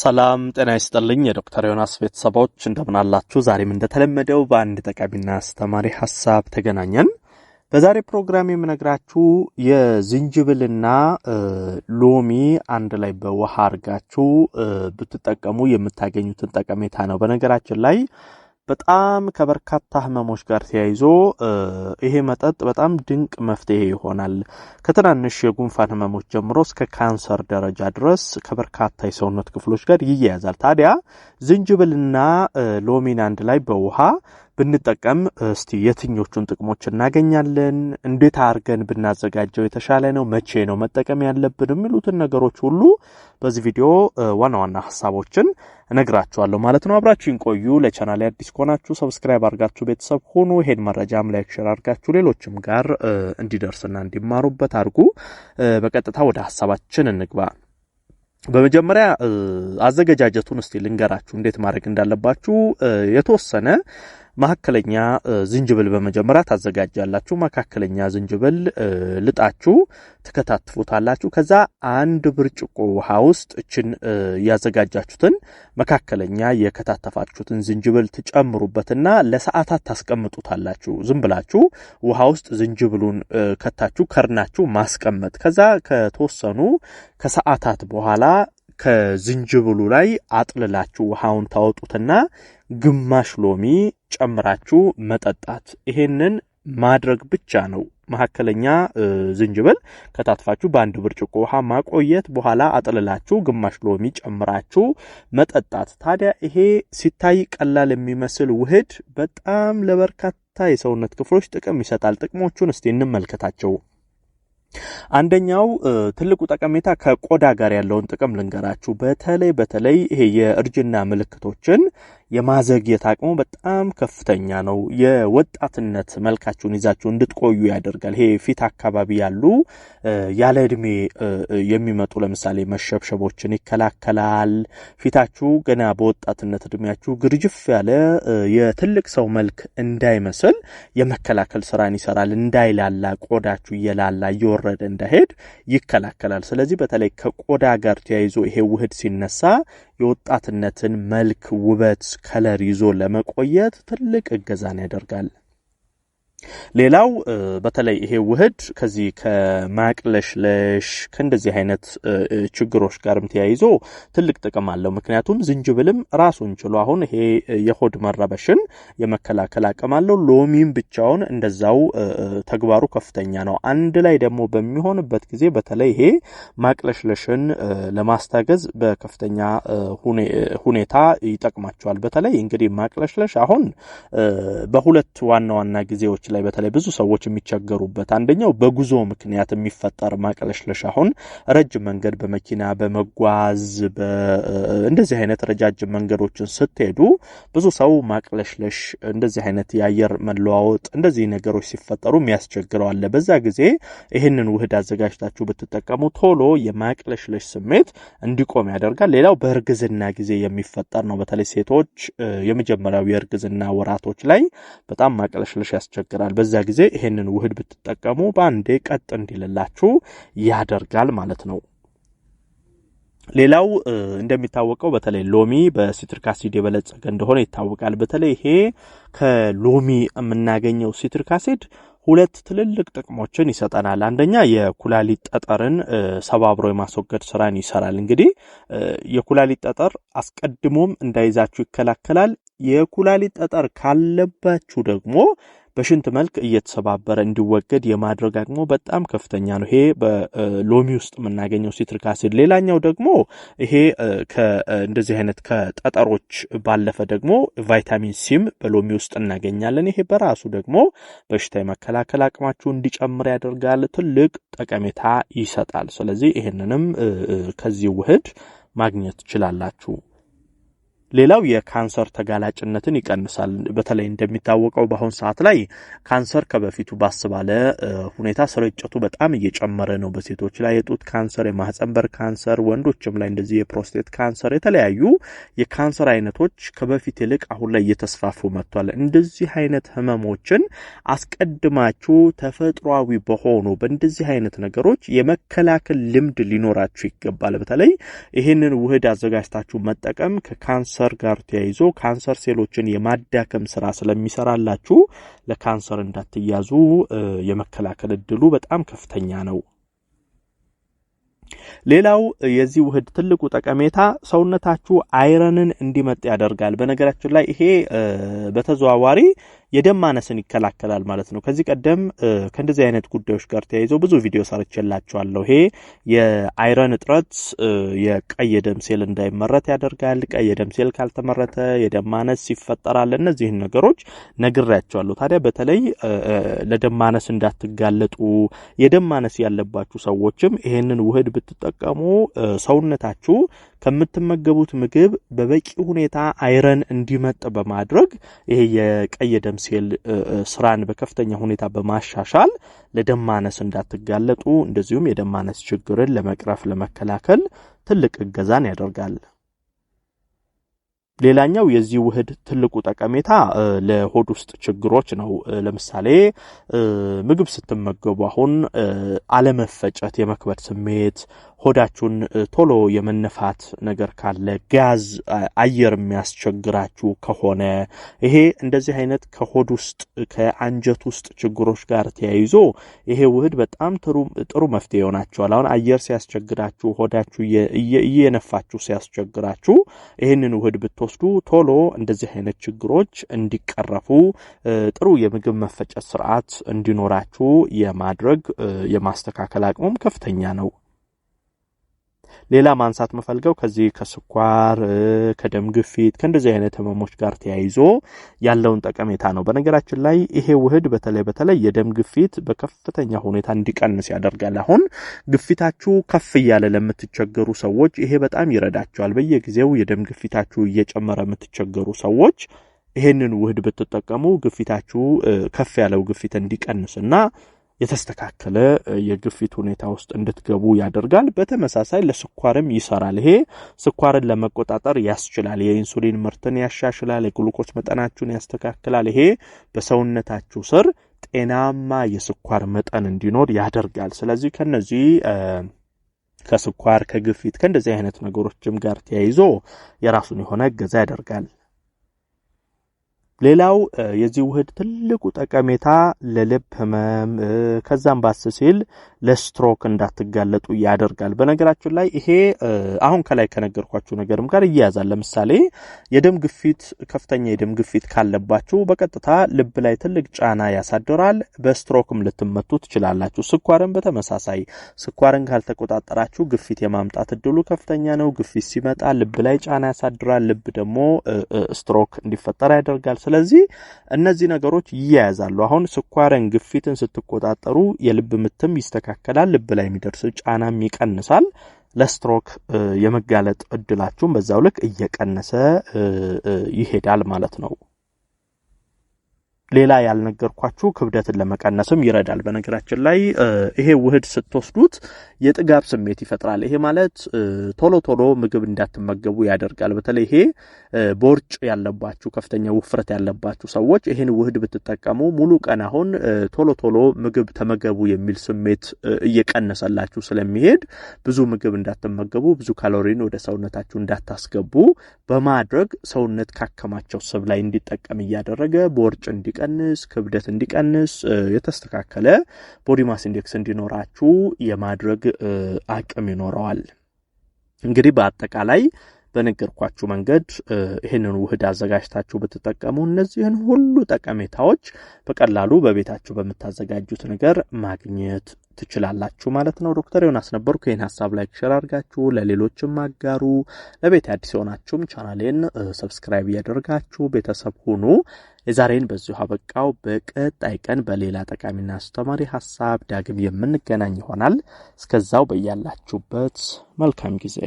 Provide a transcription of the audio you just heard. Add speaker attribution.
Speaker 1: ሰላም ጤና ይስጥልኝ። የዶክተር ዮናስ ቤተሰቦች እንደምናላችሁ፣ ዛሬም እንደተለመደው በአንድ ጠቃሚና አስተማሪ ሀሳብ ተገናኘን። በዛሬ ፕሮግራም የምነግራችሁ የዝንጅብልና ሎሚ አንድ ላይ በውሃ አድርጋችሁ ብትጠቀሙ የምታገኙትን ጠቀሜታ ነው። በነገራችን ላይ በጣም ከበርካታ ህመሞች ጋር ተያይዞ ይሄ መጠጥ በጣም ድንቅ መፍትሄ ይሆናል። ከትናንሽ የጉንፋን ህመሞች ጀምሮ እስከ ካንሰር ደረጃ ድረስ ከበርካታ የሰውነት ክፍሎች ጋር ይያያዛል። ታዲያ ዝንጅብልና ሎሚን አንድ ላይ በውሃ ብንጠቀም እስቲ የትኞቹን ጥቅሞች እናገኛለን፣ እንዴት አድርገን ብናዘጋጀው የተሻለ ነው፣ መቼ ነው መጠቀም ያለብን የሚሉትን ነገሮች ሁሉ በዚህ ቪዲዮ ዋና ዋና ሀሳቦችን እነግራችኋለሁ ማለት ነው። አብራችሁን ቆዩ። ለቻናል አዲስ ከሆናችሁ ሰብስክራይብ አድርጋችሁ ቤተሰብ ሆኑ። ይሄን መረጃም ላይክ፣ ሼር አድርጋችሁ ሌሎችም ጋር እንዲደርስና እንዲማሩበት አድርጉ። በቀጥታ ወደ ሀሳባችን እንግባ። በመጀመሪያ አዘገጃጀቱን እስቲ ልንገራችሁ እንዴት ማድረግ እንዳለባችሁ የተወሰነ መካከለኛ ዝንጅብል በመጀመሪያ ታዘጋጃላችሁ። መካከለኛ ዝንጅብል ልጣችሁ ትከታትፉታላችሁ። ከዛ አንድ ብርጭቆ ውሃ ውስጥ እችን ያዘጋጃችሁትን መካከለኛ የከታተፋችሁትን ዝንጅብል ትጨምሩበትና ለሰዓታት ታስቀምጡታላችሁ። ዝም ብላችሁ ውሃ ውስጥ ዝንጅብሉን ከታችሁ ከርናችሁ ማስቀመጥ ከዛ ከተወሰኑ ከሰዓታት በኋላ ከዝንጅብሉ ላይ አጥልላችሁ ውሃውን ታወጡትና ግማሽ ሎሚ ጨምራችሁ መጠጣት። ይሄንን ማድረግ ብቻ ነው። መካከለኛ ዝንጅብል ከታትፋችሁ በአንድ ብርጭቆ ውሃ ማቆየት፣ በኋላ አጥልላችሁ ግማሽ ሎሚ ጨምራችሁ መጠጣት። ታዲያ ይሄ ሲታይ ቀላል የሚመስል ውህድ በጣም ለበርካታ የሰውነት ክፍሎች ጥቅም ይሰጣል። ጥቅሞቹን እስቲ እንመልከታቸው። አንደኛው ትልቁ ጠቀሜታ ከቆዳ ጋር ያለውን ጥቅም ልንገራችሁ። በተለይ በተለይ ይሄ የእርጅና ምልክቶችን የማዘግየት አቅሙ በጣም ከፍተኛ ነው። የወጣትነት መልካችሁን ይዛችሁ እንድትቆዩ ያደርጋል። ይሄ ፊት አካባቢ ያሉ ያለ እድሜ የሚመጡ ለምሳሌ መሸብሸቦችን ይከላከላል። ፊታችሁ ገና በወጣትነት እድሜያችሁ ግርጅፍ ያለ የትልቅ ሰው መልክ እንዳይመስል የመከላከል ስራን ይሰራል። እንዳይላላ ቆዳችሁ እየላላ እየወረደ እንዳይሄድ ይከላከላል። ስለዚህ በተለይ ከቆዳ ጋር ተያይዞ ይሄ ውህድ ሲነሳ የወጣትነትን መልክ፣ ውበት፣ ከለር ይዞ ለመቆየት ትልቅ እገዛን ያደርጋል። ሌላው በተለይ ይሄ ውህድ ከዚህ ከማቅለሽለሽ ከእንደዚህ አይነት ችግሮች ጋርም ተያይዞ ትልቅ ጥቅም አለው። ምክንያቱም ዝንጅብልም ራሱን ችሎ አሁን ይሄ የሆድ መረበሽን የመከላከል አቅም አለው። ሎሚም ብቻውን እንደዛው ተግባሩ ከፍተኛ ነው። አንድ ላይ ደግሞ በሚሆንበት ጊዜ በተለይ ይሄ ማቅለሽለሽን ለማስታገዝ በከፍተኛ ሁኔታ ይጠቅማቸዋል። በተለይ እንግዲህ ማቅለሽለሽ አሁን በሁለት ዋና ዋና ጊዜዎች ላይ በተለይ ብዙ ሰዎች የሚቸገሩበት አንደኛው በጉዞ ምክንያት የሚፈጠር ማቅለሽለሽ አሁን ረጅም መንገድ በመኪና በመጓዝ እንደዚህ አይነት ረጃጅም መንገዶችን ስትሄዱ ብዙ ሰው ማቅለሽለሽ፣ እንደዚህ አይነት የአየር መለዋወጥ፣ እንደዚህ ነገሮች ሲፈጠሩ የሚያስቸግረው አለ። በዛ ጊዜ ይህንን ውህድ አዘጋጅታችሁ ብትጠቀሙ ቶሎ የማቅለሽለሽ ስሜት እንዲቆም ያደርጋል። ሌላው በእርግዝና ጊዜ የሚፈጠር ነው። በተለይ ሴቶች የመጀመሪያው የእርግዝና ወራቶች ላይ በጣም ማቅለሽለሽ ያስቸግራል። ይፈጠራል። በዛ ጊዜ ይሄንን ውህድ ብትጠቀሙ በአንዴ ቀጥ እንዲልላችሁ ያደርጋል ማለት ነው። ሌላው እንደሚታወቀው በተለይ ሎሚ በሲትሪክ አሲድ የበለጸገ እንደሆነ ይታወቃል። በተለይ ይሄ ከሎሚ የምናገኘው ሲትሪክ አሲድ ሁለት ትልልቅ ጥቅሞችን ይሰጠናል። አንደኛ የኩላሊት ጠጠርን ሰባብሮ የማስወገድ ስራን ይሰራል። እንግዲህ የኩላሊት ጠጠር አስቀድሞም እንዳይዛችሁ ይከላከላል። የኩላሊት ጠጠር ካለባችሁ ደግሞ በሽንት መልክ እየተሰባበረ እንዲወገድ የማድረግ አቅሞ በጣም ከፍተኛ ነው። ይሄ በሎሚ ውስጥ የምናገኘው ሲትሪክ አሲድ። ሌላኛው ደግሞ ይሄ እንደዚህ አይነት ከጠጠሮች ባለፈ ደግሞ ቫይታሚን ሲም በሎሚ ውስጥ እናገኛለን። ይሄ በራሱ ደግሞ በሽታ የመከላከል አቅማችሁ እንዲጨምር ያደርጋል። ትልቅ ጠቀሜታ ይሰጣል። ስለዚህ ይህንንም ከዚህ ውህድ ማግኘት ትችላላችሁ። ሌላው የካንሰር ተጋላጭነትን ይቀንሳል። በተለይ እንደሚታወቀው በአሁን ሰዓት ላይ ካንሰር ከበፊቱ ባስባለ ሁኔታ ስርጭቱ በጣም እየጨመረ ነው። በሴቶች ላይ የጡት ካንሰር፣ የማህፀን በር ካንሰር፣ ወንዶችም ላይ እንደዚህ የፕሮስቴት ካንሰር፣ የተለያዩ የካንሰር አይነቶች ከበፊት ይልቅ አሁን ላይ እየተስፋፉ መጥቷል። እንደዚህ አይነት ህመሞችን አስቀድማችሁ ተፈጥሯዊ በሆኑ በእንደዚህ አይነት ነገሮች የመከላከል ልምድ ሊኖራችሁ ይገባል። በተለይ ይህንን ውህድ አዘጋጅታችሁ መጠቀም ከካንሰር ካንሰር ጋር ተያይዞ ካንሰር ሴሎችን የማዳከም ስራ ስለሚሰራላችሁ ለካንሰር እንዳትያዙ የመከላከል እድሉ በጣም ከፍተኛ ነው። ሌላው የዚህ ውህድ ትልቁ ጠቀሜታ ሰውነታችሁ አይረንን እንዲመጥ ያደርጋል። በነገራችን ላይ ይሄ በተዘዋዋሪ የደም ማነስን ይከላከላል ማለት ነው። ከዚህ ቀደም ከእንደዚህ አይነት ጉዳዮች ጋር ተያይዞ ብዙ ቪዲዮ ሰርቼላችኋለሁ። ይሄ የአይረን እጥረት የቀይ ደም ሴል እንዳይመረት ያደርጋል። ቀይ ደም ሴል ካልተመረተ የደም ማነስ ይፈጠራል። እነዚህን ነገሮች ነግሬያቸዋለሁ። ታዲያ በተለይ ለደም ማነስ እንዳትጋለጡ የደም ማነስ ያለባችሁ ሰዎችም ይሄንን ውህድ ብትጠቀሙ ሰውነታችሁ ከምትመገቡት ምግብ በበቂ ሁኔታ አይረን እንዲመጥ በማድረግ ይሄ የቀይ ደም ሴል ስራን በከፍተኛ ሁኔታ በማሻሻል ለደም ማነስ እንዳትጋለጡ እንደዚሁም የደም ማነስ ችግርን ለመቅረፍ ለመከላከል ትልቅ እገዛን ያደርጋል። ሌላኛው የዚህ ውህድ ትልቁ ጠቀሜታ ለሆድ ውስጥ ችግሮች ነው። ለምሳሌ ምግብ ስትመገቡ አሁን አለመፈጨት፣ የመክበድ ስሜት፣ ሆዳችሁን ቶሎ የመነፋት ነገር ካለ ጋዝ፣ አየር የሚያስቸግራችሁ ከሆነ ይሄ እንደዚህ አይነት ከሆድ ውስጥ ከአንጀት ውስጥ ችግሮች ጋር ተያይዞ ይሄ ውህድ በጣም ጥሩ መፍትሄ ይሆናቸዋል። አሁን አየር ሲያስቸግራችሁ፣ ሆዳችሁ እየነፋችሁ ሲያስቸግራችሁ ይህንን ውህድ ብትወስዱ ቶሎ እንደዚህ አይነት ችግሮች እንዲቀረፉ ጥሩ የምግብ መፈጨት ስርዓት እንዲኖራችሁ የማድረግ የማስተካከል አቅሙም ከፍተኛ ነው። ሌላ ማንሳት መፈልገው ከዚህ ከስኳር ከደም ግፊት ከእንደዚህ አይነት ህመሞች ጋር ተያይዞ ያለውን ጠቀሜታ ነው። በነገራችን ላይ ይሄ ውህድ በተለይ በተለይ የደም ግፊት በከፍተኛ ሁኔታ እንዲቀንስ ያደርጋል። አሁን ግፊታችሁ ከፍ እያለ ለምትቸገሩ ሰዎች ይሄ በጣም ይረዳቸዋል። በየጊዜው የደም ግፊታችሁ እየጨመረ የምትቸገሩ ሰዎች ይሄንን ውህድ ብትጠቀሙ ግፊታችሁ ከፍ ያለው ግፊት እንዲቀንስና የተስተካከለ የግፊት ሁኔታ ውስጥ እንድትገቡ ያደርጋል። በተመሳሳይ ለስኳርም ይሰራል። ይሄ ስኳርን ለመቆጣጠር ያስችላል። የኢንሱሊን ምርትን ያሻሽላል። የግሉኮስ መጠናችሁን ያስተካክላል። ይሄ በሰውነታችሁ ስር ጤናማ የስኳር መጠን እንዲኖር ያደርጋል። ስለዚህ ከነዚህ ከስኳር ከግፊት ከእንደዚህ አይነት ነገሮችም ጋር ተያይዞ የራሱን የሆነ እገዛ ያደርጋል። ሌላው የዚህ ውህድ ትልቁ ጠቀሜታ ለልብ ህመም ከዛም ባስ ሲል ለስትሮክ እንዳትጋለጡ ያደርጋል። በነገራችን ላይ ይሄ አሁን ከላይ ከነገርኳችሁ ነገርም ጋር እያያዛል። ለምሳሌ የደም ግፊት ከፍተኛ የደም ግፊት ካለባችሁ በቀጥታ ልብ ላይ ትልቅ ጫና ያሳድራል። በስትሮክም ልትመቱ ትችላላችሁ። ስኳርን በተመሳሳይ ስኳርን ካልተቆጣጠራችሁ ግፊት የማምጣት እድሉ ከፍተኛ ነው። ግፊት ሲመጣ ልብ ላይ ጫና ያሳድራል። ልብ ደግሞ ስትሮክ እንዲፈጠር ያደርጋል። ስለዚህ እነዚህ ነገሮች ይያያዛሉ። አሁን ስኳርን፣ ግፊትን ስትቆጣጠሩ የልብ ምትም ይስተካከላል። ልብ ላይ የሚደርስ ጫናም ይቀንሳል። ለስትሮክ የመጋለጥ እድላችሁም በዛው ልክ እየቀነሰ ይሄዳል ማለት ነው። ሌላ ያልነገርኳችሁ ክብደትን ለመቀነስም ይረዳል። በነገራችን ላይ ይሄ ውህድ ስትወስዱት የጥጋብ ስሜት ይፈጥራል። ይሄ ማለት ቶሎ ቶሎ ምግብ እንዳትመገቡ ያደርጋል። በተለይ ይሄ ቦርጭ ያለባችሁ፣ ከፍተኛ ውፍረት ያለባችሁ ሰዎች ይህን ውህድ ብትጠቀሙ ሙሉ ቀን አሁን ቶሎ ቶሎ ምግብ ተመገቡ የሚል ስሜት እየቀነሰላችሁ ስለሚሄድ ብዙ ምግብ እንዳትመገቡ፣ ብዙ ካሎሪን ወደ ሰውነታችሁ እንዳታስገቡ በማድረግ ሰውነት ካከማቸው ስብ ላይ እንዲጠቀም እያደረገ ቦርጭ እንዲ እንዲቀንስ፣ ክብደት እንዲቀንስ፣ የተስተካከለ ቦዲማስ ኢንዴክስ እንዲኖራችሁ የማድረግ አቅም ይኖረዋል። እንግዲህ በአጠቃላይ በነገርኳችሁ መንገድ ይህንን ውህድ አዘጋጅታችሁ ብትጠቀሙ እነዚህን ሁሉ ጠቀሜታዎች በቀላሉ በቤታችሁ በምታዘጋጁት ነገር ማግኘት ትችላላችሁ ማለት ነው። ዶክተር ዮናስ ነበርኩ። ይህን ሀሳብ ላይክ ሸር አድርጋችሁ ለሌሎችም አጋሩ። ለቤት አዲስ የሆናችሁም ቻናሌን ሰብስክራይብ እያደረጋችሁ ቤተሰብ ሁኑ። የዛሬን በዚሁ አበቃው። በቀጣይ ቀን በሌላ ጠቃሚና አስተማሪ ሀሳብ ዳግም የምንገናኝ ይሆናል። እስከዛው በያላችሁበት መልካም ጊዜ